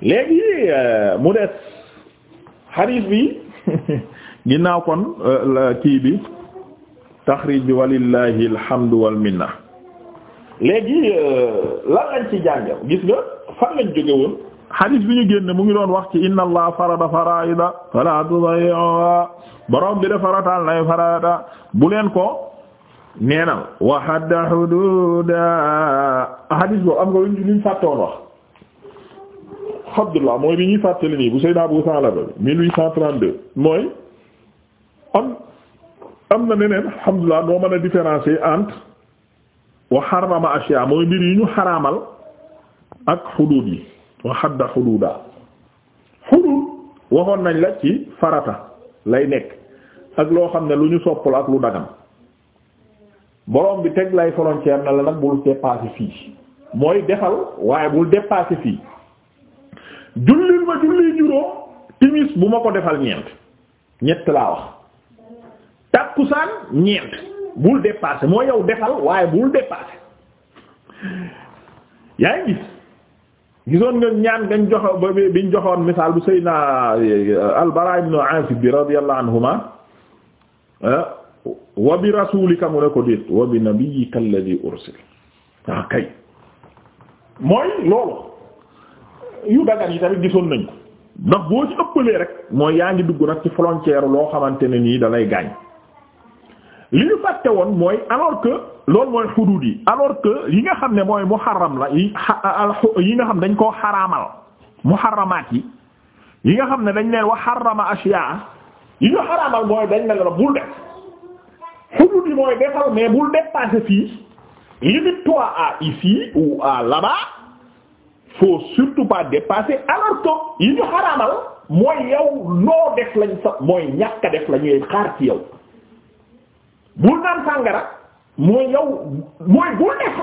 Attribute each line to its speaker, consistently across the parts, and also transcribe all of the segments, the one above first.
Speaker 1: léegi euh, mu des xadiis bi ginnaaw kon euh, kii bi taxriij bi walillahi alhamdu wal minna léegi euh, lan lañ ci jànge gis nga fan lañ jóge woon xadiis bi ñu génne mu ngi doon wax ci inna allah farada faraida fala tudayuha borom bi da farataal nay farata bu leen ko neenal wa hadda hududa xadiis boobu am nga luñ luñ fàttoon wax Abdullah mooy bi ñuy fàttali nii bu Seydina Abu Salaba bi 1832 mooy am am na neneen alhamdulilah moo mën a différencier entre wa harrama ashiya mooy mbir yi ñu xaraamal ak xuduud yi wa hadda xuduuda xuduud waxoon nañ la ci farata lay nekk ak loo xam ne lu ñu soppal ak lu dagan borom bi teg lay frontière na la nag bul dépasser fii mooy defal waaye bul dépasser fii jullil ma julli juróom timis bu ma ko defal ñeent ñett laa wax tàkkusaan ñeent bul dépasser moo yow defal waaye bul dépasser yaa ngi gis gisoon nga ñaan ngañ joxo ba biñ joxoon misaal bu Seydina eh, al-Bara ibn Azib bi radiyallahu anhuma eh, wa bi rasulika mu ne ko déet wa bi nabiyyika alladhi ursil waaw ah, kay mooy loolu yu dagan yi tamit gisoon nañ ko ndax boo ci ëppalee rek mooy yaa ngi dugg nag ci frontière loo xamante ne nii dalay gaañ li ñu fàtte woon mooy alors que loolu mooy xuduud yi alors que yi nga xam ne mooy xaram la yi yi nga xam dañ koo mu muharramaat yi yi nga xam ne dañ leen wax xarama ashiya dañ ne la bul def xuduud yi mooy defal mais bul dépasser fii limite-toi à ici ou à là faut surtout pas dépasser alors que yi ñu xaraamal mooy yow noo def lañ sa mooy ñàkk a def la ñuy xaar ci yow bul naan sàngara mooy yow mooy bul def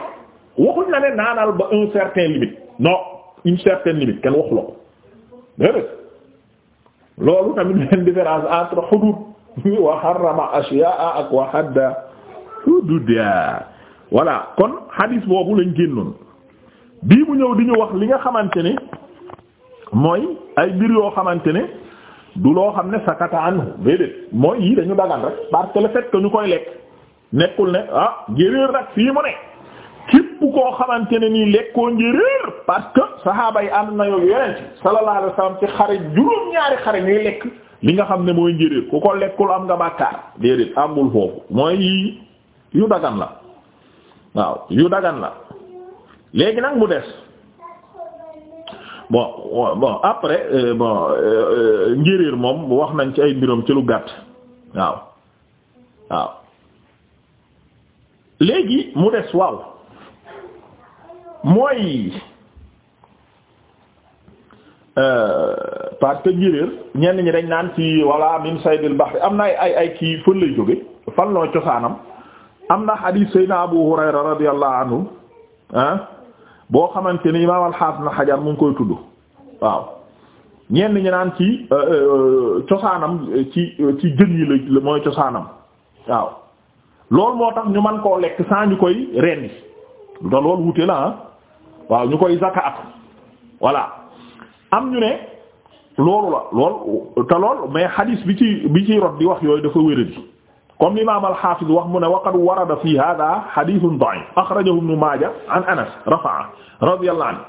Speaker 1: waxuñ la ne naanal ba un certain limite non une certaine limite kenn waxu la ko loolu tamit benn différence entre hudud wa harrama ak wa hadda hududa voilà kon hadith boobu lañ génnoon bii bu ñëw di ñu wax li nga xamante ni mooy ay mbir yoo xamante ne du loo xam ne sakata anhu mooy yii dañu dagan rek parce que le fait ñu koy lekk nekkul ne ah njéeréer nag fii mu ne képp koo xamante ne nii lekkoo njéeréer parce que saxaaba yi ànd na yooyu yeneen ci sallallahu alayhi wasallam ci xare juróom-ñaari xare ñuy lekk li nga xam ne mooy njéeréer ku ko lekkul am nga bàkkaar déedéet amul foofu mooy yii yu dagan la waaw yu dagan la léegi nag mu des bon bon après euh, bon euh, euh, njéeréer moom wax nañ ci ay mbiram ci lu gàtt waaw waaw léegi mu des waaw mooy parce que njéeréer ñenn ñi dañ naan ci walla min saydil bahri am na ay ay kii fan lay jóge fan loo cosaanam am na hadith sayna Abu Hurayra radiyallahu anhu boo xamante ni imaam alxaas na xajar mu ngi koy tudd waaw ñenn ñi naan ci euh, euh, cosaanam ci ci jën yi la mooy cosaanam waaw loolu moo tax ñu man koo lekk saa ñu koy rendi lu tax loolu wute la ah waaw ñu koy zakaat voilà am ñu ne loolu la lool te lool mais xadiis bi ci bi ci rot di wax yooyu dafa wéradi comme l'imam al-Hafiz wax mu ne waqad warada fi hadha hadithun da'if akhrajahu ibn Anas rafa'a radiyallahu anhu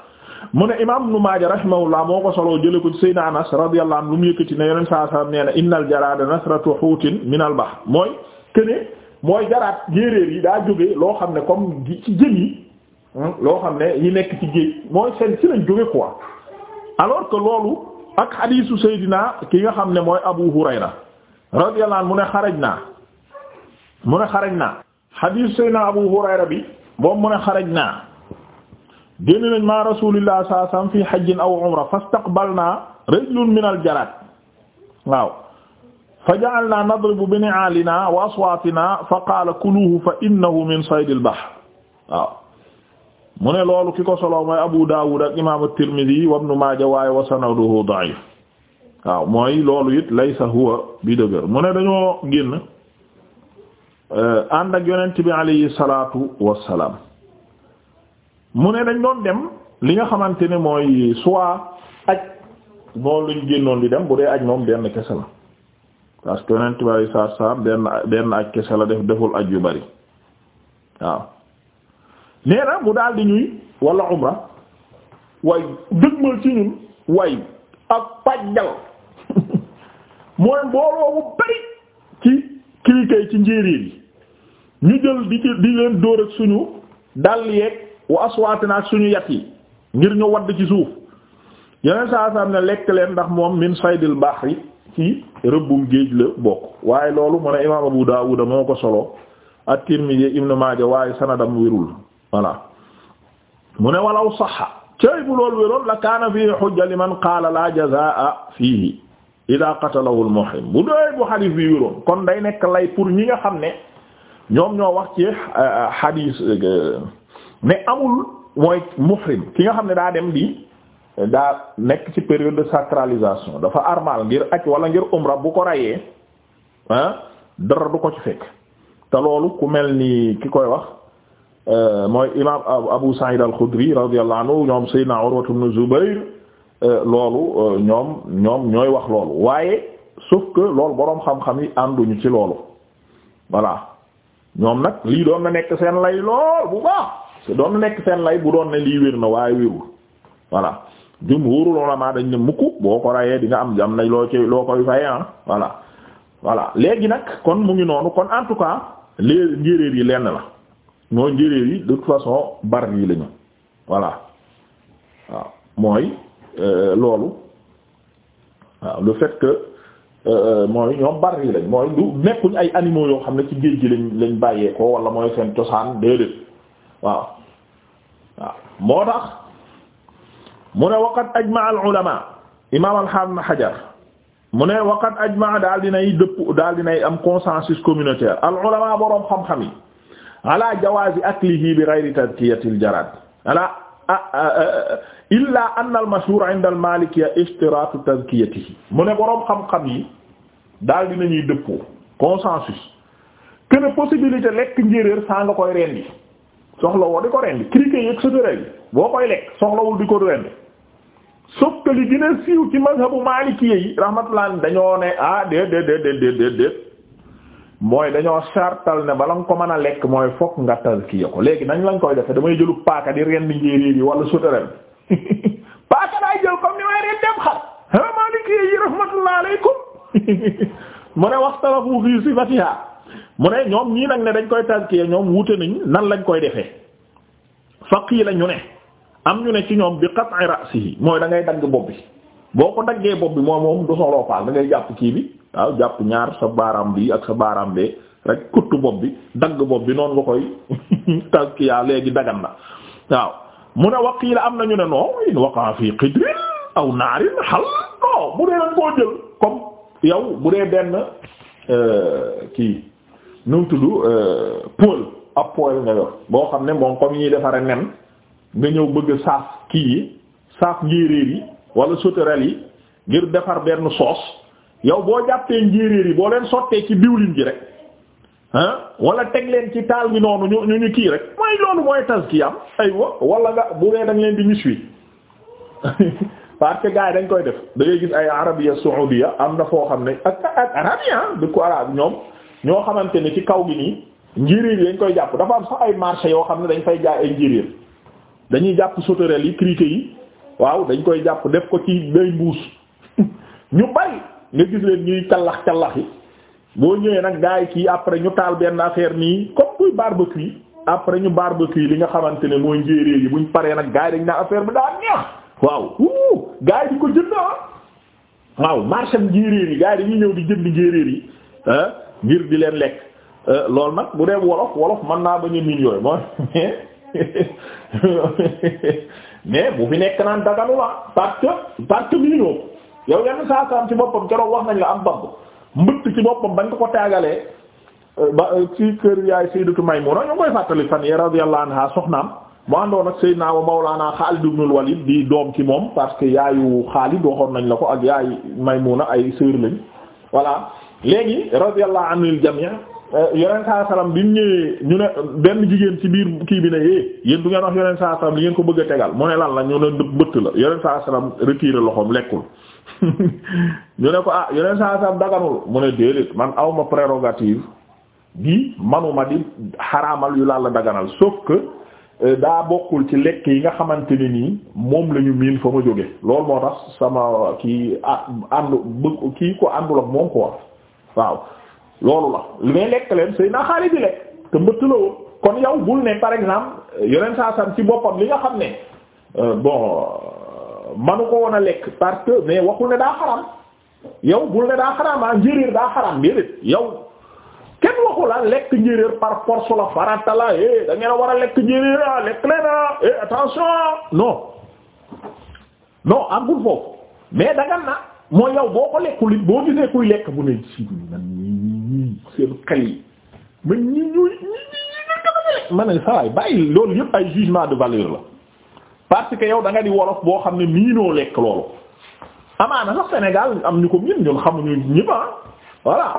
Speaker 1: mu ne imam ibn Majah rahimahullah moo ko soloo jële ko Seydina Anas radiyallahu anhu lu mu yëkkati ne yoneen saa sallam na innal jarada nasratu hutin min al mooy kene mooy jaraat géeréer yi daa jógee loo xam ne comme ci jën hmm, loo xam ne yi nekk ci géej mooy seen ci lañ jóge quoi alors que loolu ak hadisu Seydina ki nga xam ne mooy Abu Hurayra radiyallahu anhu mu mu ne xaraj naa xadiis sayna abu hurayra bi moom mu ne xaraj naa génn nañ ma rasulillah sallallahu alayhi wasallam fi hajjin aw umra fastaqbalna rajulun min al-jarad waaw fa ja'alna nadribu bi ni'alina wa aswatina fa qaala kuluhu fa innahu min sayd al-bahr waaw mu ne loolu ki ko solo mooy abu dawud ak imam at-tirmidhi wa ibn majah waaye wa sanaduhu da'if waaw mooy loolu it laysa huwa bi dëgër mu ne dañoo génn Euh, ànd ak yonent bi alayhi salaatu wassalaam mu ne dañ doon dem li nga xamante ni mooy soit aj moom luñ génnoon di dem bu dee aj moom benn kese la parce que yonent bi alayhi salaatu wassalaam benn benn aj kese la def deful aj yu bari waaw nee na mu daal di ñuy wala umra waaye dëgmal ci ñun way ak pàjjal mooy mbooloo bu bari ci kilitay ci njéeréer yi ñu jël di leen dóor ak suñu dàll yeeg wa aswaatina suñu yat yi ngir ñu wadd ci suuf yeneen saa saa ne lekk leen ndax moom minn saydil bahri ci rëbbum géej la bokk waaye loolu mu ne imaam Abu Daawuda moo ko solo at-Tirmidhi Ibn Maaja waaye sanadam wérul voilà mu ne walaw saxa cëy bu loolu wéroon la kaana fii hujja liman qaala la jazaa fiihi ida qatalahu al muhrim bu dee bu xadis bi wéroon kon day nekk lay pour ñi nga xam ne ñoom ñoo wax ci euh, euh, xadis euh, ne amul mooy muhrim ki nga xam ne daa dem di daa nekk ci période de sacralisation dafa armal ngir aj wala ngir umra bu ko rayee dara du ko ci fekk te loolu ku mel ni ki koy wax mooy imam Abu Sa'id al-Khudri radiyallahu anhu ñoom Sayyidina Urwa ibn Zubayr Euh, loolu euh, ñoom ñoom ñooy wax loolu waaye sauf que loolu boroom xam-xam yi ànduñu ci loolu voilà ñoom nag lii doon na nekk seen lay lool bu baax doon na nekk seen lay bu doon ne lii wér na waaye wérul voilà jumhurul ulama dañ ne mukk boo ko rayee di nga am jam nañ loo ci loo koy fayee ah voilà voilà léegi nag kon mu ngi noonu kon en tout cas les njéréer yi lenn la moo njéréer yi de toute façon bari lañu voilà waaw mooy Euh, loolu waaw le fait que euh, mooy ñoom bari lañ mooy du nekkuñ ay animaux yoo xam ne ci géej gi lañ lañ bàyyeekoo wala mooy seen cosaan déedéet waaw waaw moo tax mu ne waqad ajmaa al ulama imam alxaamna xajar mu ne waqad ajmaa daal dinay dëpp daal dinay am consensus communautaire al ulama boroom xam-xam yi ala jawaazi aklihi bi ghayri tadkiyatil jarad ala illa anna al mashhur inda al malikiya ishtiratu tazkiyatihi mu ne boroom xam-xam yi daal dinañuy dëppoo consensus que ne possibilité lekk njéeréer saa nga koy rendi soxlawoo di ko rendi criquet yeeg sauterelles yi boo koy lekk soxlawul di ko rendi sauf que li gën a siiw ci mazhabu maliki yi rahmatullah dañoo ne ah déet déet déet déet déet mooy dañoo sartal ne bala nga ko mën a lekk mooy fokk nga tazkiya ko léegi nañ lañ koy defe damay jëlu paaka di rendi njéeréer yi wala sauterelles paaka laay jël comme ni may leen dem xar ah Maliki yi rahmatullahi alaykum mu ne waxtalafu fii sifatiha mu ne ñoom ñii nag ne dañ koy tazkiya ñoom wute nañ nan lañ koy defee faqiila ñu ne am ñu ne ci ñoom bi qat'i ra'sihi mooy dangay ngay dagg bopp bi boo ko daggee bopp bi moom moom du soloo paal da ngay jàpp kii bi waaw jàpp ñaar sa baaraam bi ak sa baaraam bee rek kuttu bopp bi dagg bopp bi noonu nga koy tazkiya léegi dagan na waaw mun mu ne waqiila am nañu ne non in waqa fi qidrin aw naarin xal non bu dee dañ koo jël comme yow bu dee benn euh, kii nu mu tudd euh, poêle ab poêle nga yor boo xam ne moom comme ñuy defaree nen nga ñëw bëgg saaf kii yi saaf njéeréer yi wala sauterelles yi ngir defar benn soos yow boo jàppee njéeréer yi boo leen sottee ci diwlin ji rek. wala teg leen ci taal bi noonu ñu ñu ñu kii rek mooy loolu mooy tazkiyam aywa wala nga bu dee dañ leen di miswi parce que yi dañ koy def da ngay gis ay arabia saoudia am na foo xam ne ak ak arabia ah, du ko arab ñoom ñoo xamante ne ci kaw gi nii njiriir yi dañ koy jàpp dafa am sax ay marché yoo xam ne dañ fay jaay ay njiriir dañuy jàpp sauterelles yi criquets yi waaw dañ koy jàpp def ko ci day mbuus ñu bari nga gis leen ñuy callax callax yi boo ñëwee nag gaa yi kii après ñu taal benn affaire nii comme kuy barbecue après ñu barbecue li nga xamante ne mooy njéeréer yi buñ paree nag gaa yi dañ naa affaire bi daa neex waaw wuu gaa di ko jënd ah. waaw marché njéréer yi gaa yi dañuy ñëw di jënd njéeréer yi ah ngir di leen lekk eh, loolu nag bu dee wolof wolof mën naa ba ñu miin yooyu mooy mais bu fi nekk naan daganu la ah, parce que parce que miinoo yow yenn ci boppam keroog wax nañ la am bamb. mbëtt ci boppam bañ ko ko taagalee euh, ba euh, ci kër yaay sayyidatu Maymuna ñu koy fàttali fan yee radiyallahu anha soxnaam mu àndoon ak Seydina wa Mawlana Xaalid ibnul Walid di doom ci moom parce que yaayu Xaalid waxoon nañ la ko ak yaay Maymuna ay sœur lañ voilà léegi radiyallahu anil jami' euh, yonent saa salaam bi mu ñëwee ñu ne benn jigéen ci biir kii bi ne yee eh, yéen du ngeen wax yonent saa salaam li ngeen ko bëgg a tegal mu ne lan la ñu ne mbëtt la yonent saa salaam retiré loxoom lekkul. ñu ne ko ah yeneen saa saa daganul mu ne déedéet man awma prérogative bi manuma di xaraamal yu la daganal sauf que euh, daa bokkul ci lekk yi nga xamante ni nii moom lañu ñu miin fa ma jóge loolu moo tax sama kii àndu bëgg kii ko àndul ak moom ko waaw loolu la li may lekk leen sëy naa kon yow bul ne yeneen saa saa ci boppam li nga xam ne euh, bon manu ko woon a lekk parce que mais waxul ne daa xaram yow bul ne daa xaram ah njéeréer daa xaram déedéet yow kenn waxu la lekk njéeréer par force la farata la eh da ngeen a war a lekk njéeréer ah lekk leen ah eh attention non non àggul foofu mais dagan na mooy yow boo ko lekkul boo gisee kuy lekk bu ne si man ñii seen xel yi man ñii ñooy ñii ñii ñooy lekk ma ne saa waay bàyyi loolu yëpp ay jugement de valeur la. parce que yow da nga di wolof boo xam ne miinoo lekk loolu amaana sax Sénégal am ñu ko miin ñun xamuñu ñëpp ah voilà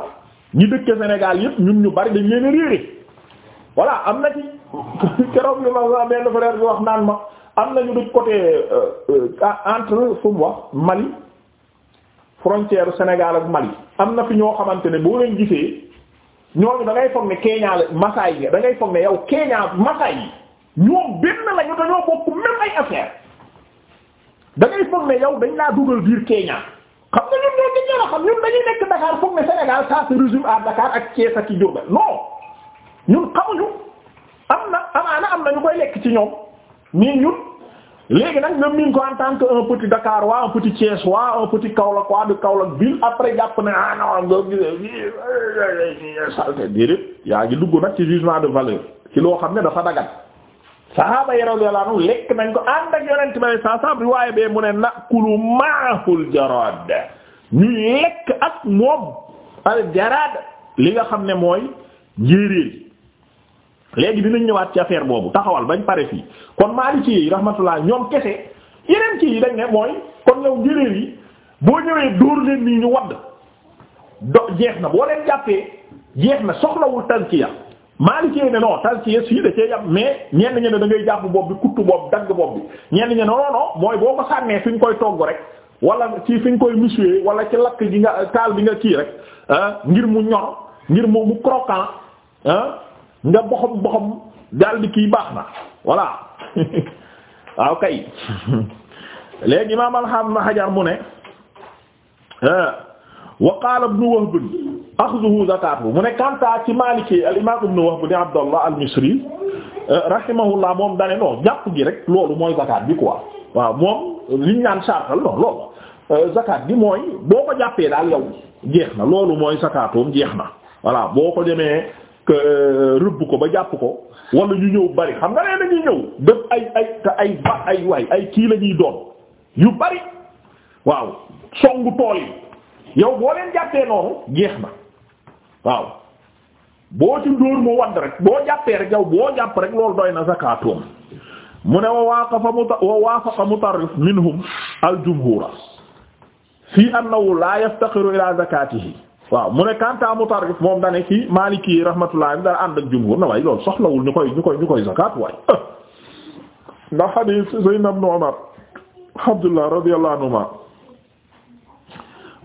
Speaker 1: ñi dëkk Sénégal yëpp ñun ñu bari dañ leen a réeré voilà am na ci keroog li ma benn frère bi wax naan ma am nañu dëkk côté euh, euh, entre fu mu wax Mali frontière Sénégal ak Mali am na fi ñoo xamante ne boo leen gisee ñooñu da ngay foog ne Kenya la Masaay da ngay foog ne yow Kenya Masaay yi. ñoom benn lañu dañoo bokk même ay affaire da ngay foog ne yow dañ laa dugal biir Kenya xam nga ñun ñoo gën a xam ne ñun xamuñu am na ñu koy lekk ci ñoom mais ñun léegi nag nga miin ko en tant que un petit Dakar waa un petit Thiès waa un petit Kaolack waa de Kaolack ville après jàpp ne ah non nga gisee salte déedéet yaa ngi dugg nag ci jugement de valeur ci loo xam ne dafa dagat sahaaba yi radiyallahu lekk nañ ko ànd ak yonent bi saa saa riwaaya bee mu ne nakulu maahul jaraad ñuy lekk ak moom al jaraad li nga xam ne mooy njéeréer léegi dinañ ñëwaat ci affaire boobu taxawal bañ pare fii kon Maliki yi rahmatullah ñoom kese yeneen kii yi dañ ne mooy kon yow njéeréer yi boo ñëwee dóor leen nii ñu wadd do jeex na boo leen jàppee jeex na soxlawul tankiya maalikee ne non talkiye sii da cee yam mais ñenn ñe ne da ngay jàpp bopp bi kuttu bopp dagg bopp bi ñenn ñe ne non mooy boo ko sànnee fi ñu koy togg rek wala ci fi ñu koy misuwee wala ci lakk ji nga kaal bi nga kii rek ah, ngir mu ñor ngir mu mu croquant ah, nga boxom boxom daal di baax na voilà waaw ah, kay léegi imaam alxam na xajar mu ne wa qaala ibnu Wahb axduhu zakatuhu mu ne kanta ci Maliki al imam ibn Wahb ibn Abdallah al Misri euh, rahimahullah moom dane non jàpp gi rek loolu mooy zakat bi quoi waaw moom liñ naan sartal non loolu euh, zakat bi mooy boo ko jàppee daal yow jeex na loolu mooy zakatoom jeex na voilà boo ko demee euh, rëbb ko ba jàpp ko wala ñu ñëw bari xam nga nee dañuy ñëw def ay ay ay ba ay kii la ñuy doon yu bari waaw songu tool yi yow boo leen jàppee noonu jeex na waaw boo ci dóor mu wadd rek boo jàppee rek yow boo jàpp rek loolu doy na zakaatum mu ne wa waaqafa mu wa waafaqa mutarrif minhum aljumhura fii annahu la yaftaqiru ila zakatihi waaw mu ne kanta mutarrif moom dane ci maliki rahmatullah am dana ànd ak jumhur na waaye loolu soxlawul ñu koy ñu koy ñu koy zakat waay ndax hadith sayyidina ibn umar abdullah radiyallahu anhuma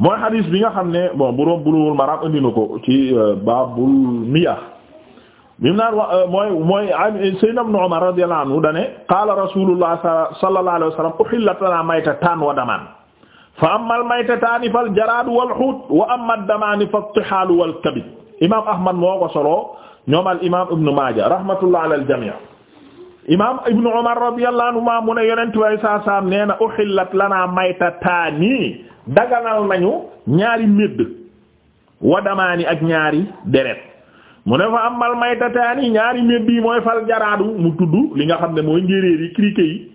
Speaker 1: mooy xadis bi nga xam ne bon bu doon buluwul maraam indi na ko ci euh, baabul miya mim naan wa euh, mooy mooy sayyidna ibn Umar radiyallahu anhu dane qaala rasulullah sallallahu alayhi wa sallam uhillat lana maytatan wa daman fa amma al maytataani fal jaraadu wal huut wa amma ad-damaani fat tihaalu wal kabid imaam ahmad moo ko soloo ñoom al imaam ibn Maaja rahmatullah ala al jamii imaam ibn Umar radiyallahu anhu ma mu ne yonent way saa saam nee na uhillat lana maytataani daganal nañu ñaari médd wadamaani ak ñaari deret mu ne fa amal maytataani ñaari médd yi mooy fal jaraadu mu tudd li nga xam ne mooy njéeréer yi criquet yi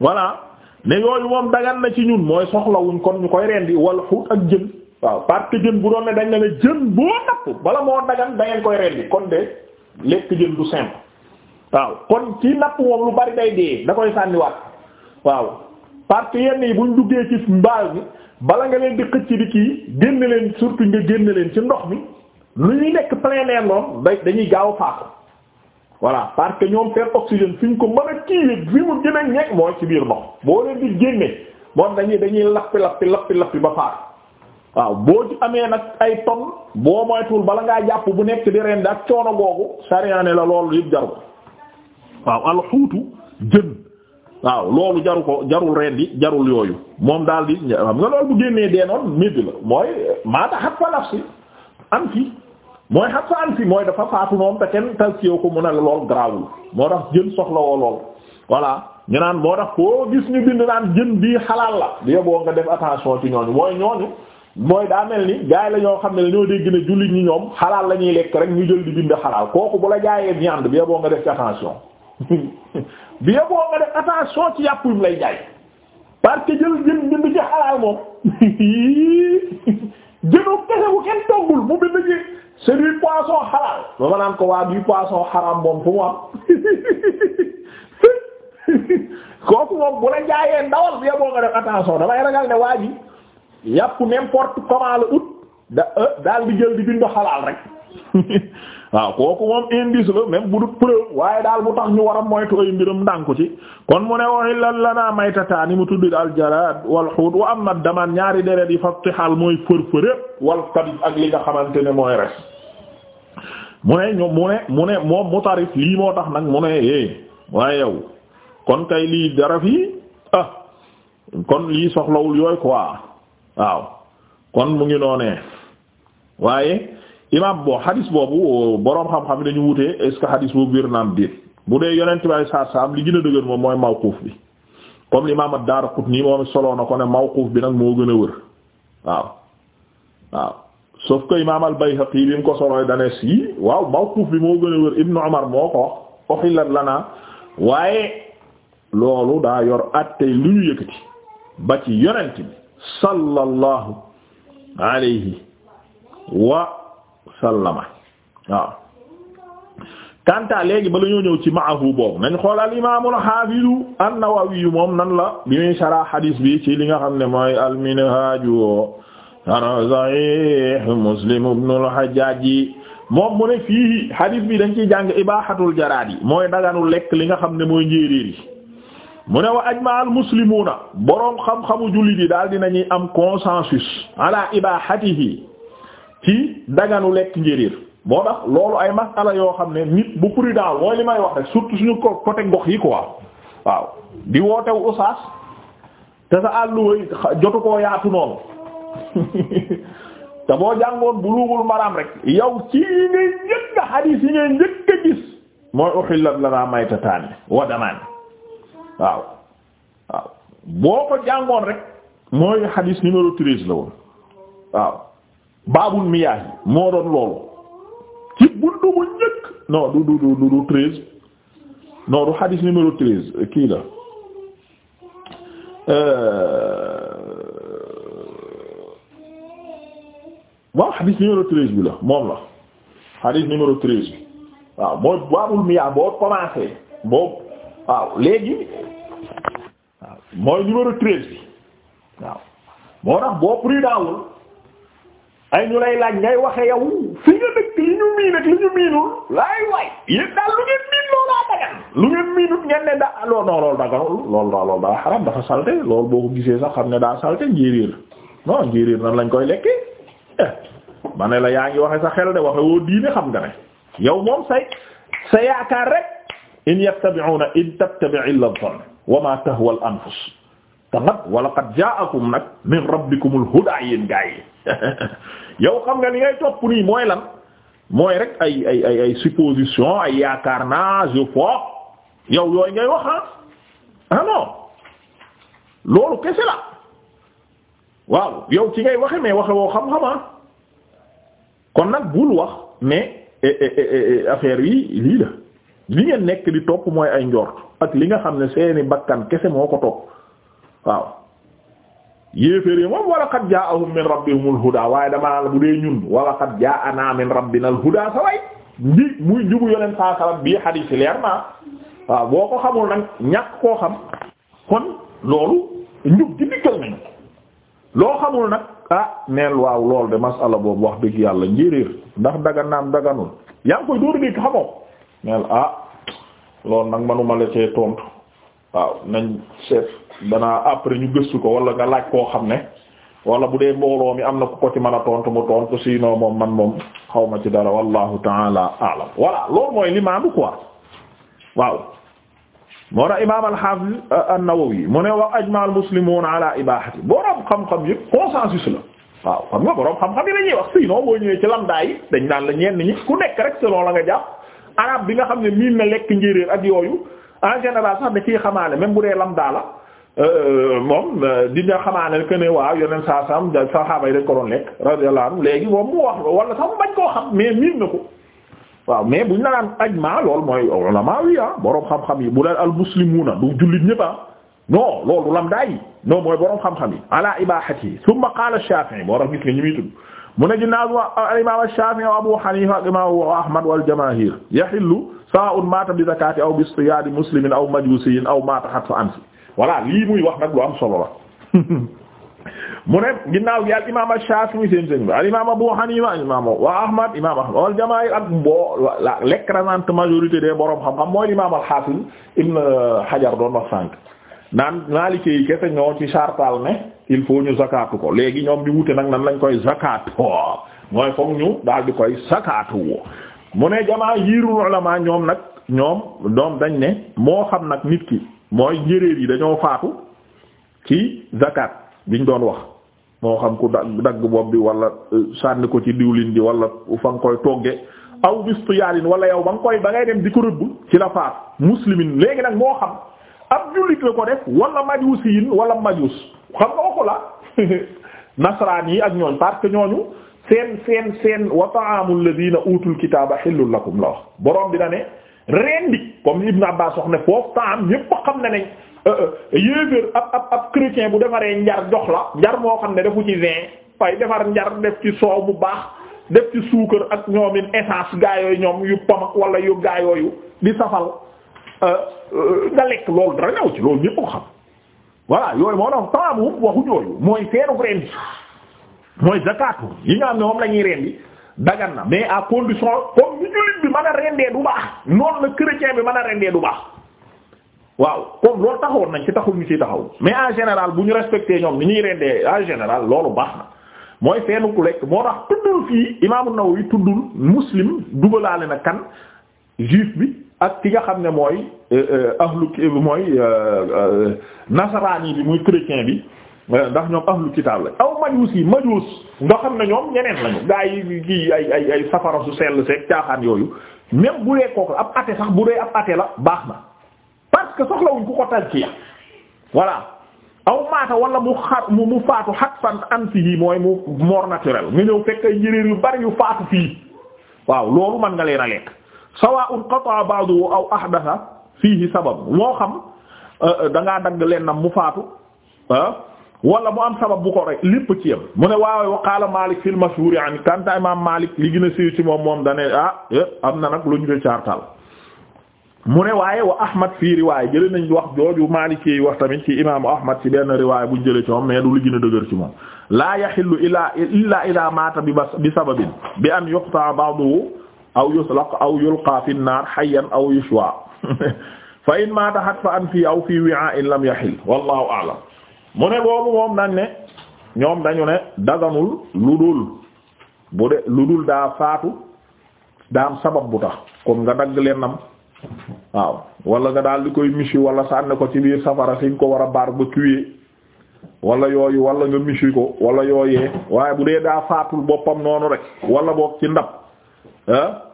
Speaker 1: voilà ne yooyu moom dagan na ci ñun mooy soxlawuñ kon ñu koy rendi wal xuut ak jën waaw parce que jën bu doon ne dañ ne ne jën boo napp bala moo dagan da ngeen koy rendi kon de lekk jën du simple waaw kon ci napp moom lu bari day dee da koy sànniwaat waaw parce que yenn yi buñ duggee ci mbaal mi bala nga leen di xëcc di kii génn leen surtout nga génn leen ci ndox mi lu ñuy nekk plein air noonu dañuy gaaw a faatu voilà parce que ñoom seen oxygène fi ñu ko mën a kii fi mu gën a ñekk mooy ci biir ndox boo leen di génne moom dañuy dañuy lappi lappi lappi ba faatu waaw boo ci amee nag ay tonnes boo moytuwul bala ngaa jàpp bu nekk di ren ak coono boobu sariyaane la loolu yëpp jaru waaw alxuutu jën waaw loolu jaru ko jarul reen jarul yooyu moom daal di xam nga loolu bu génnee dee noonu métti la mooy maata xat fa laf si am fi mooy xat fa am fi mooy dafa faatu noonu te kenn talsiyow ko mun a lool garaawul moo tax jën soxla woo lool voilà ñu naan moo tax koo gis ñu bind naan jën bii xalaal la di yoboo nga def attention ci ñooñu mooy ñooñu mooy daa mel ni gaay la ñoo xam ne ñoo dégg ne jullit ñi ñoom xalaal la ñuy lekk rek ñu jël di bind kooku bu jaayee viande bi yoboo nga def ci bi yeboo nga def attention ci yàpp yum lay jaay parce que jël jën ci xalaal moom jënoo kese bu kenn toggul mu bind ci c'est du poisson xalaal ba ma naan ko waa du poisson xaram moom fu mu am kooku moom bu la jaayee ndawal bi yeboo nga def attention damay ragal ne waa ji yàpp n'importe comment la ut da euh, daal di jël di bind xalaal rek waaw kooku moom indice la même bu dul preuve waaye daal bu tax ñu war a moytu ay mbiram ndànku ci kon mu ne waxi lan lanaa maytataani mu tuddit daal wal xuut wa am na damaan ñaari deret yi fa tixaal mooy fër-fërépp wal ak li nga xamante ne mooy res mu ne mu ne moom mu tarif lii moo tax nag mu ne é waaye yow kon kay lii dara fii ah kon lii soxlawul yooyu quoi waaw kon mu ngi noonee waaye imaam boo xadis boobu boroom xam-xam dañu wute est-ce que xadis boobu wér biir bu dee yonent baay saa saam li gën a dëgër moom mooy mawquuf bi comme l'imam ad-Daraqutni moom soloo na ko ne mawquuf bi nag moo gën a wër waaw waaw sauf que imaam al-Bayhaqi bi mu ko solooy dane si waaw mawquuf bi moo gën a wër Ibnu Umar moo ko uxillat lanaa waaye loolu daa yor attey lu ñu yëkkati ba ci yonent bi sallallahu alayhi wa sallama waaw kanta léegi ba la ñëw ci maahu boobu nañ xool al imaamul xaafidu an-Nawawi moom nan la bi muy sara xadiis bi ci li nga xam ne mooy al minhaaju sharh sahih Muslim ibnul Hajjaaj moom mu ne fii xadiis bi dañ ciy jàng ibaaxatul jaraad yi mooy daganu lekk li nga xam ne mooy njéeréer yi mu ne wa ajma al muslimuuna boroom xam-xamu jullit yi daal dinañuy am consensus ala ibaaxatihi ci daganu lekk njëriñ moo tax loolu ay masala yoo xam ne nit bu prudent mooy li may wax rek surtout suñu côté gox yi quoi waaw di wootewu usaas te sa àlluway jotu koo yaatu noonu te boo jàngoon Bulughul Maram rek yow ci yi ngay njëkk xadiis yi ngay njëkk a gis mooy uhillat lanaa maytataani wa damaani waaw waaw boo ko jàngoon rek mooy xadiis numéro treize la woon waaw baabul mia yi moo doon loolu ci buntu bu njëkk non du du du du treize non du hadis numéro treize kii la euh, waaw hadis numéro treize bi la moom la hadis numéro treize bi mooy baabul miyaah boo commencé boobu waaw léegi waaw mooy numéro treize bi moo tax boo prudent wul ay ñu lay laaj ngay waxe yow fi nga dëkk li ñu miin ak li ñu miinul laay waay yéen daal lu ngeen miin loolaa dagan lu ngeen miinut ngeen ne daa lool non loolu daganul loolu daa loolu daa xaram dafa salte loolu boo ko gisee sax xam ne daa salte njéeréer non njéeréer nan lañ koy lekkee eh, ma ne la yaa ngi waxe sa xel de waxe woo diine xam nga ne yow moom say sa yaakaar rek in yattabi'una in tattabi' illa dhann wa ma tahwa al anfus te nag wala qad ja'akum nag min rabbikumul huda yéen gaa yi yow xam nga li ngay topp nii mooy lan mooy rek ay ay ay ay supposition ay yaakaar naa je crois yow yooyu ngay wax ah, ah non loolu kese la waaw yow ci ngay waxe mais waxe woo xam-xama ah? kon nag bul wax mais eh, eh, eh, affaire yi lii la li ngeen nekk di topp mooy ay njort ak li nga xam ne seeni bakkan kese moo ko topp waaw yéeféer yi moom wala qad jaa'ahum min rabbihimul huda waaye damaa la bu dee ñun wala qad jaa'anaa min rabbinal huda sa way ndi muy jubu yoneen saa salam bii xadiis yi leer naa waaw boo ko xamul nag ñàkk koo xam kon loolu njub ci dikkal nañu loo xamul nag ah neel waaw lool de masala boobu wax dëgg yàlla njéeréer ndax daga naam daganul yaa ngi koy dóor dégg xamoo neel ah loolu nag manuma la cee tontu waaw nañ seet danaa après ñu gëstu ko wala nga laaj koo xam ne wala bu dee mbooloo mi am na ku ko ci mën a tontu mu tontu sinon moom man moom xaw ma ci dara wallahu taala alam voilà loolu mooy limaanu quoi waaw moo tax imaam al-Hafiz an-Nawawi mu ne wax ajma al-muslimuuna ala ibaahati boroom xam-xam yëpp consensus la waaw xam nga boroom xam-xam yi la wax sinon boo ñëwee ci lamdaay yi dañ naan la ñeen ñi ku nekk rek selon la nga jàpp arab bi nga xam ne miin na lekk njéeréer ak yooyu en général sax da ciy xamaale même bu dee lamda la euh, moom euh, dina xamaale que ne waaw yeneen saa saam saxaaba lekk radiyallahu anhu léegi moom mu wax wala sax xam mais miin na ko waaw mais buñ la naan ajma loolu mooy ulama yi ah, xam-xam yi bu dee al muslimuuna du jullit ñëpp ah non loolu lamda yi non mooy boroom xam-xam yi ala ibahati thumma qaala Shaafi'i boo tax gis nga ñi mu ne ginnaaw al imam wa Abu Hanifa ak imam Ahmad wal jamaahir yahillu saa'un maata bi zakaati aw bi istiyaadi muslimin aw majusiyin aw maata hatfa anfi voilà lii muy wax nag lu am solo la mu ne ginnaaw gi al imaam Shaafi'i seen seen al imaam Abu Hanifa al imaam wa Ahmad imaam Ahmad xam-xam mooy imaam al Haafiz Ibn doon wax sànq naan Maliki yi kese ñoo ci sartal ne il faut ñu zakaatu ko léegi ñoom bi wute nag nan lañ koy zakaatoo mooy foog ñu daal di koy zakaatu mu ne jamaa yiirul ulama ñoom nag ñoom doom dañ ne moo xam nag nit ki mooy njéréer yi dañoo faatu ci zakat biñ doon wax moo xam ku dagg dagg bopp bi walla euh, sànni ko ci diwlin bi wala fa nga koy togge aw bistu yaalin wala yow ba nga koy ba ngay dem di ko rëbb ci la faat muslimin léegi nag moo xam ab jullit la ko def wala majusiyin wala majus xam nga waxu la nasaraan yi ak ñooñ parce que ñooñu seen seen seen wa ta'amul ladina utul kitaba xillul lakum la wax borom bi na ne rendi comme Ibn Abbas wax ne foofu taam ñépp xam ne nañ euh, euh, yéegéer ab ab ab chrétien bu defaree njar jox la njar moo xam ne defu ci vin fay defar njar def ci soow bu baax def ci suukar ak ñoomin essence gaa yooyu ñoom yu pamak wala yu gaa yooyu di safal euh, nga lekk loolu dara ñaw ci loolu ñépp ko xam voilà yooyu moo tax taamu waxu ñooyu mooy feeru rendi mooy zakatu yi nga xam ne moom la ñuy rendi dagan na mais à condition comme ni jullit bi mën a rendee du baax noonu la chrétien bi mën a rendee du baax waaw comme loolu taxawoon nañ ci taxul ñu ciy taxaw mais en général bu ñu respecté ñoom ni ñuy rendee en général loolu baax na mooy feenu ku lekk moo tax tuddul fii imaamu Nawawi tuddul muslim dugalaale na kan juif bi ak ki nga xam ne mooy euh, euh, ahlu mooy euh, nasaraani bi muy chrétien bi Euh, ndax ñoom ahlu kitaab lañ aw majuus yi majuus nga xam ne ñoom ñeneen lañu gaa ay ay ay safara su sell seeg caaxaan yooyu même bu dee kooku la ab athée sax bu dee ab athée la baax na parce que soxlawuñ ku ko talkiya voilà aw maata wala mu xar mu faatu xat fan an yi mooy mu moor naturel nga ñëw fekk ay njëriñ yu bari yu faatu fii waaw loolu mën nga leen a lekk sawaa'un qata'a ba'du aw ahdatha fiihi sabab moo xam euh, euh, dangaa dagg leen am mu faatu ah, wala mu am sabab bu ko rek lépp ci yam mu ne waawe wa qaala Malik fil mashhur an kanta imam Malik li gën a moom moom dane ah am na nag lu ñu fi mu ne waaye wa Ahmad fi riwaay jële nañ wax jooju Malik yi wax tamit ci imaamu Ahmad ci benn riwaay buñ jële ci moom mais du lu gën ci moom laa yaxillu ila illa ida maata bi ba bi bi an yuqta ba'duhu aw yuslaq aw yulqa fi naar hayyan aw yushwa fa in maata hatfa an fii aw fii wi'a'in lam yaxil wallahu a'lam mu ne boobu moom nag ne ñoom dañu ne daganul lu dul bu de lu dul daa faatu daa am sabab bu tax comme nga dagg lennam waaw wala nga daal di koy michu wala sànni ko ci biir safara si nga ko war a baar ba tuye wala yooyu wala nga michu ko wala yooyee waaye bu dee daa faatul boppam noonu rek wala boog ci ndab ah,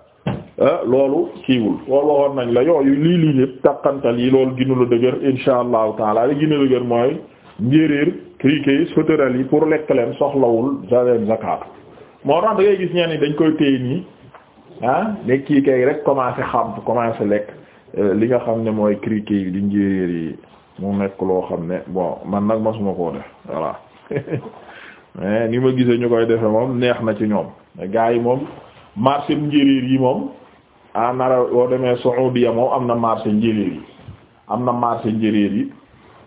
Speaker 1: ah, loolu kiiwul loolu waxoon nañ la yooyu lii lii ñëpp takkantal yi loolu ginu la dëgër insha allahu taala li ginu la dëgër mooy njéeréer kii kii sauterelles yi pour lekk leen soxlawul jaleen zakaatu moo tax da ngay gis ñenn dañ koy téye nii ah nekk kii kay rek commencé xam commencé lekk euh, li nga xam ne mooy criquet yi di njéeréer yi mu nekk loo xam ne bon man nag masuma koo def voilà mais ni ma gisee ñu koy defe moom neex na ci ñoom gars yi moom marché njéeréer yi moom a ah, nara boo demee Saoudia moom am na marché njéeréer yi am na marché njéeréer yi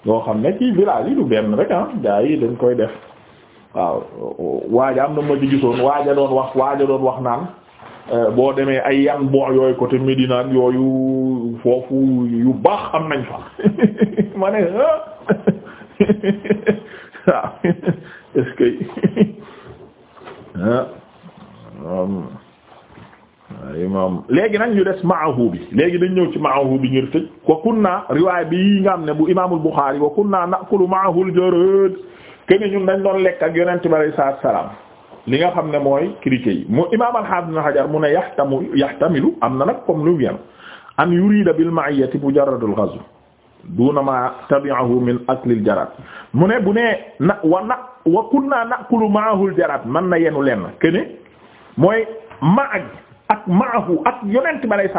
Speaker 1: yoo xam ne ci village yi du benn rek ah gaa yi dañ koy def waaw waaja am na ma ci gisoon waaja doon wax waaja doon wax naan euh, boo demee ay yan boo yooyu côté Médina yooyu foofu yu baax am nañ fa ma ne ah! waaw est-ce que ah, um, imam léegi nag ñu des maahu bi léegi dañ ñëw ci maahu bi ngir tëj wa kunna riwaay bi yi nga xam ne bu imaamul Buxaari wa kunna naqulu maahul jarad kene ñun dañ doon lekk ak yonente bi alayhi salaatu salaam li nga xam ne mooy criquet yi mu imaam al-Hafiz Ibn Hajar mu ne yaxtamu yaxtamilu am na nag comme lu mu an yurida bil ma'iyyati mujarradul ghazw duna ma tabi'ahu min aklil jarad mu ne bu nee na wa na wa kunna naqulu maahul jarad man na yenu lenn kene mooy maag ak maahu ak yonent ba lay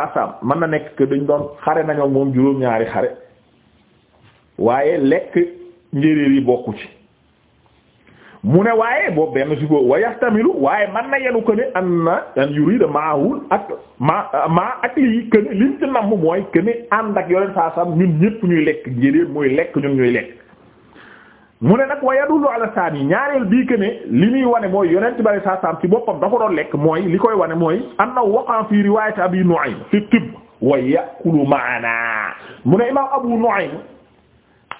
Speaker 1: mën na nekk que dañ doon xare nañoo moom juróom-ñaari xare waaye lekk njéeréer yi bokku ci mu ne waaye boobu benn si ko wa yahtamilu waaye mën na yenu que ne an na an yurida maahu ak ma maa ak lii que ne liñ ci mooy que ànd ak yonent saasaam ñun ñëpp ñuy lekk njéeréer muy lekk ñun ñuy lekk mu ne nag wa yadullu ala saani ñaareel bii que ne li muy wane mooy yonent bari saa ci boppam dafa doon lekk mooy li koy wane mooy anna waqa fi riwaayati abi nu'aym fi tibb wa ya'kulu ma'ana mu ne imaam abu nu'aym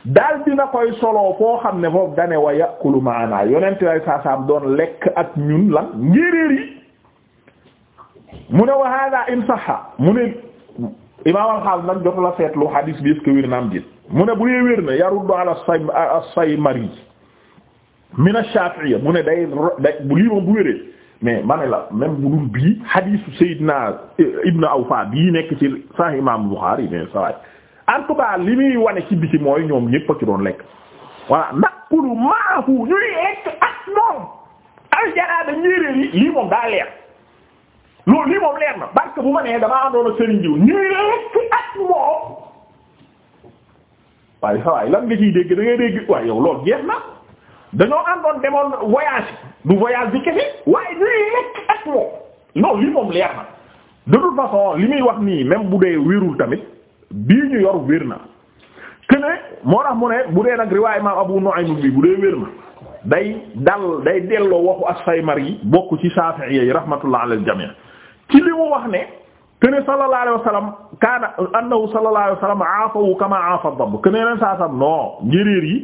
Speaker 1: daal dina koy solo foo xam ne foofu dane wa ya'kulu ma'ana yonent bari saa doon lekk ak ñun lan ngéréer yi mu ne wa hada in mu ne imaam al-Hafiz nag jotu la seetlu hadis bi est-ce que wér mu ne bu dee wér na yaruddu ala as-Saymari min ash-Shafi'iyya mu ne day day bu lii bu wéree mais ma ne la même bu dul bii hadiisu Seydina eh, Ibn Awfa bii nekk ci Sahih Imam Bukhari mais sawaay en tout cas wane ci biti mooy ñoom ñépp a ci doon lekk voilà naqulu maafu ñuy lekk ak noonu aljaraada ñéeréer yi lii moom daa leer loolu lii moom leer na parce que bu ma nee damaa àndoon ak Serigne Diouf ñuy lekk ak waaye sawaay lan nga ciy dégg da ngay dégg waaye yow loolu jeex na dañoo àndoon demoon voyage du voyage bi kese waaye dañuy lekk ak moom non li moom leer na de toute façon li muy wax nii même bu dee wérul tamit bii ñu yor wér na que ne moo tax mu ne bu dee nag riwaay imaam Abu Nu'aym bi bu dee wér na day dal day delloo waxu as-Saymari bokk ci Shafi'i yi rahmatullah ala al-jami' ci li mu wax ne que ne sallallahu alayhi wa sallam kaana annahu sallallahu alayhi wa sallam aafawu kama aafa dabb que nee neen saa sam non njéréer yi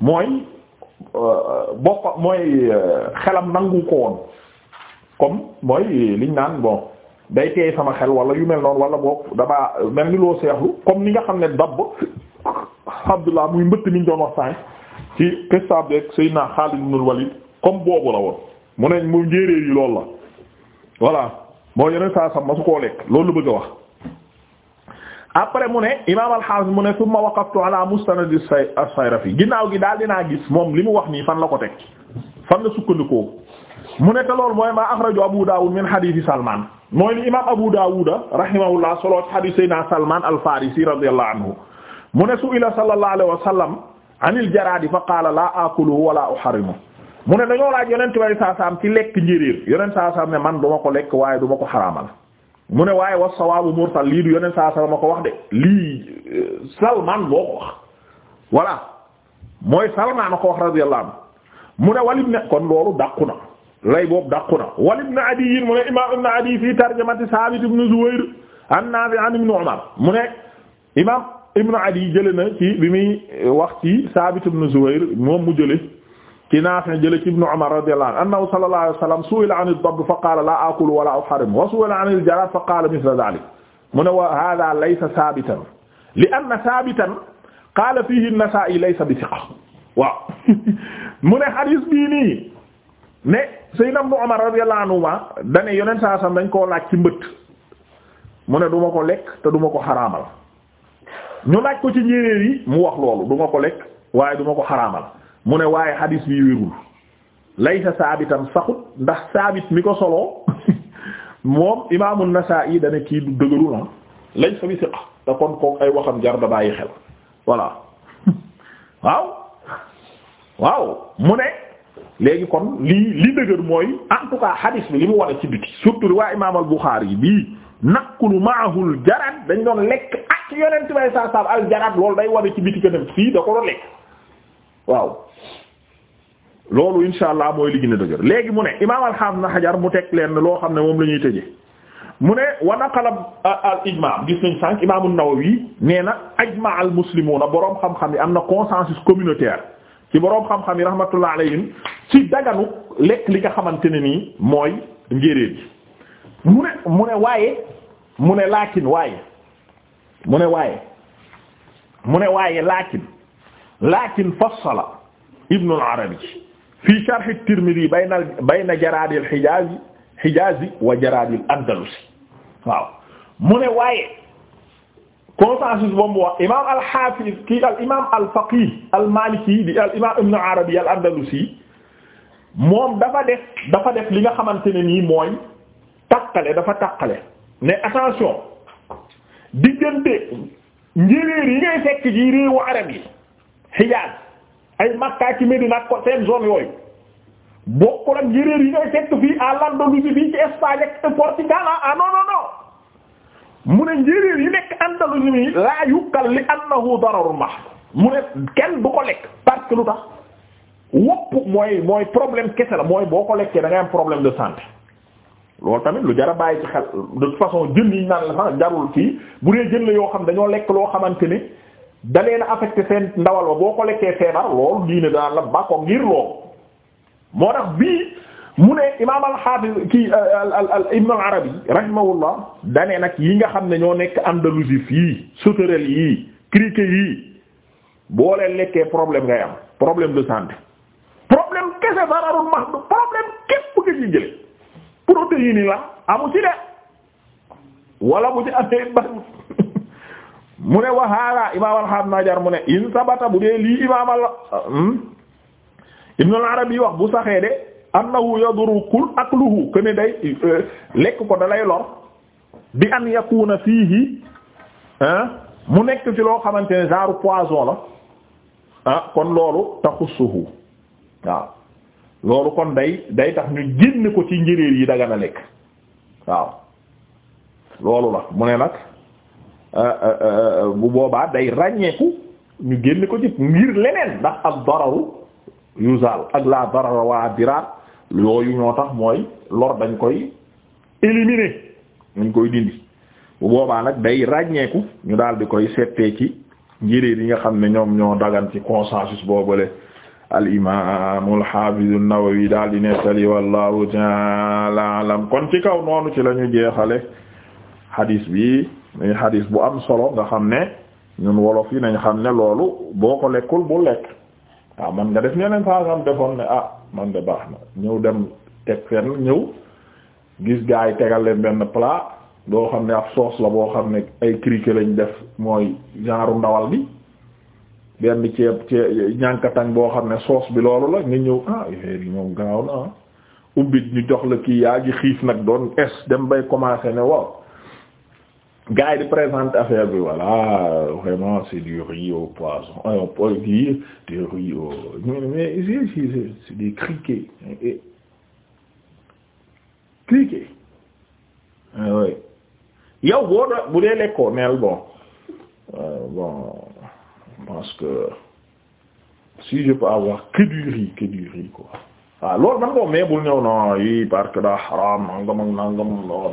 Speaker 1: mooy euh, bokk mooy euh, xelam nangu ko woon comme mooy liñ naan bon day teey sama xel wala yu mel noonu wala boog damaa mel ni loo seexlu comme li nga xam ne dabb Abdullah muy mbëtt niñ doon wax saay ci kistab beeg Seydina Xaalid ibn Walid comme boobu la woon mu ne mu njéeréer yi loolu la voilà moo yeneen saa sam ma su koo lekk loolu bëgg a wax après mu ne imaam al mu ne summa waqaftu ala mustanad as-Sayrafi ginnaaw gi daal dinaa gis moom li mu wax nii fan la ko teg fan la sukkandikoo mu ne te loolu mooy maa axrajo Abu Dawud min hadith Salman mooy li imaam Abu Dawud rahimahullah solo hadith Sayyidina Salman al-Farisi radiyallahu anhu mu ne su'ila sallallahu alayhi wa sallam jaraadi fa qaala laa akuluhu wa laa uharrimuhu mu ne dañoo laaj yonent way saasaam ci lekk njéeréer yonent saasaam man duma ko lekk waaye duma ko xaraamal mu ne waaye wa sawaabu mursal lii du yoneen saa sala ma ko wax de lii euh, Salman boo ko wax voilà mooy Salman a ko wax radiyallahu anhu mu ne walib ne kon loolu dàqu na lay boobu dàqu na walib na adi yin mu ne imam ibn adi fii tarjamati Saabit ibn Zuwayr an Naafi an ibn Umar mu ne imam ibn adi jële na ci bi muy wax ci Saabit ibn Zuwayr moom mu jële ci Naafi jële ci Ibnu Umar radiyallahu anhu annahu sallallahu alayhi wa sallam su'ila an ad-dabb fa qaala laa akulu wa laa uharrim wa su'ila an al-jaraad fa qaala mithla dhaalika mu ne wa haadaa laysa saabitan li anna saabitan qaala fiihi an-Nasaa'i laysa bi thiqa waaw mu ne hadiis bii nii ne Sayyidina Ibnu Umar radiyallahu anhuma dane yonent saa sam dañ koo laaj ci mbëtt mu ne du ma ko lekk te du ma ko xaraamal ñu laaj ko ci njéeréer yi mu wax loolu du ma ko lekk waaye du ma ko xaraamal mu ne waaye xadis bi wérul laysa saabitan saxut ndax saabit mi ko soloo moom imaamu i dana kii du dëgëru na ah. laysa bi siqa te kon kook ay waxam jar da bàyyi xel voilà waaw waaw mu ne léegi kon lii li dëgër mooy en tout cas xadis bi li mu wane ci biti surtout waa imaam al yi bii naqulu maahul jarad dañ doon lekk ak yonent bay saa saab al jaraat loolu day wane ci biti kanam fii da ko lekk waaw loolu insha allah mooy li gën a léegi mu ne imaam alxaam na xajar mu teg leen loo xam ne moom la ñuy tëje mu ne wa naqala al ijma gis nañ sànq imaam an-Nawawi nee na ajma al muslimuuna boroom xam-xam yi am na consensus communautaire ci boroom xam-xam yi rahmatullah alayhim ci daganu lekk li nga xamante ne nii mooy njéeréer bi mu ne mu ne waaye mu ne laakin waaye mu ne waaye mu ne waaye laakin laakin fassala ibnu al-Arabi fii sharh at-Tirmidhi bayna bayna jaraad al-Hijaaz Hijaaz wa jaraad al-Andalus waaw mu ne waaye consensus ba mu wax imaam al-Haafiz kii al imaam al-Faqih al-Maliki di al imaam Ibn Arabi al-Andalusi moom dafa def dafa def li nga xamante ne nii mooy takkale dafa takkale ne attention diggante njéeréer yi ngay fekk ci réewu arab yi Hijaaz ay Makka ci Medina ko seen zone yooyu bokkul ak njëriñ yi ngay fekk fii à l'Andalousie fii ci Espagne ak Portugal ah non non non mu ne njëriñ yi nekk Andalousie mi laa yukkal li annahu dararun mahd mu ne kenn du ko lekk parce que lu tax wopp mooy mooy problème kese la mooy boo ko lekkee da am problème de santé. loolu tamit lu jar a bàyyi ci xel de toute façon jën yi naan la sax jarul fii bu dee jën la yoo xam dañoo lekk loo xamante ni. da leen a affecté seen ndawal boo ko lekkee feebar loolu diine daan la ba ko ngir loolu moo tax bii mu ne imaam euh, al kii Ibn al-Arabi rahimahullah dane nag yi nga xam ne ñoo nekk Andalousie yii sauterelles yii criquets yii boo leen lekkee problème ngay am problème de santé problème kese dararul max problème képp nga ci jële protéines yi la amu ci de wala bu ci amee bariwul mu ne waxaala imaam alxaam najar mu ne in sabata bu dee lii imaam al hmm? ibnu al arabi wax bu saxee de annahu yaduru kul akluhu këne day euh, lekk ko dalay lor bi an yakuna fiihi mu nekk ci loo xamante ne genre poison la ah kon loolu taxussuhu waaw loolu kon day day tax ñu génn ko ci njëréer yi daga a lekk waaw loolu la mu ne nag Euh, euh, euh, bu boobaa day ràññeeku ñu génn ko ci ngir leneen ndax ak dararu yuzaal ak la darara waa diraar yooyu ñoo tax mooy lor dañ koy éliminer dañ koy dindi bu boobaa nag day ràññeeku ñu daal koy settee ci njëriñ yi nga xam ne ñoom ñoo dagan ci consensus boobule al imam al hafiz an-Nawawi daal di nettali wallahu ta'ala alam kon ci kaw noonu ci lañu ñu jeexale hadis bi muy xadis bu am solo nga xam ne ñun wolof yi nañ xam ne loolu boo ko lekkul bu lekk waaw man nga def yeneen saa xam defoon ne ah man de baax na ñëw dem teg fenn ñëw gis gaa yi tegal benn plat doo xam ne ab soos la boo xam ne ay criquet lañ def mooy genre ndawal bi benn ceeb ceeb ñànkatañ boo xam ne soos bi loolu la nga ñëw ah affaire yi ah. ubbit ñu jox la kii yaa ngi xiif nag doon es dem bay commencer ne waaw gars yi di présente affaire bi voilà c'est du riz au poisson euh, on peut dire du riz au mais ici c'est des criquets et criquets ah oui yow boo doon bu dee lekkoo neel bon euh, bon si je peux avoir que du que du riz quoi waaw ah, loolu man ko mais bul non yi parce que daa xaraam nangam ak nangam non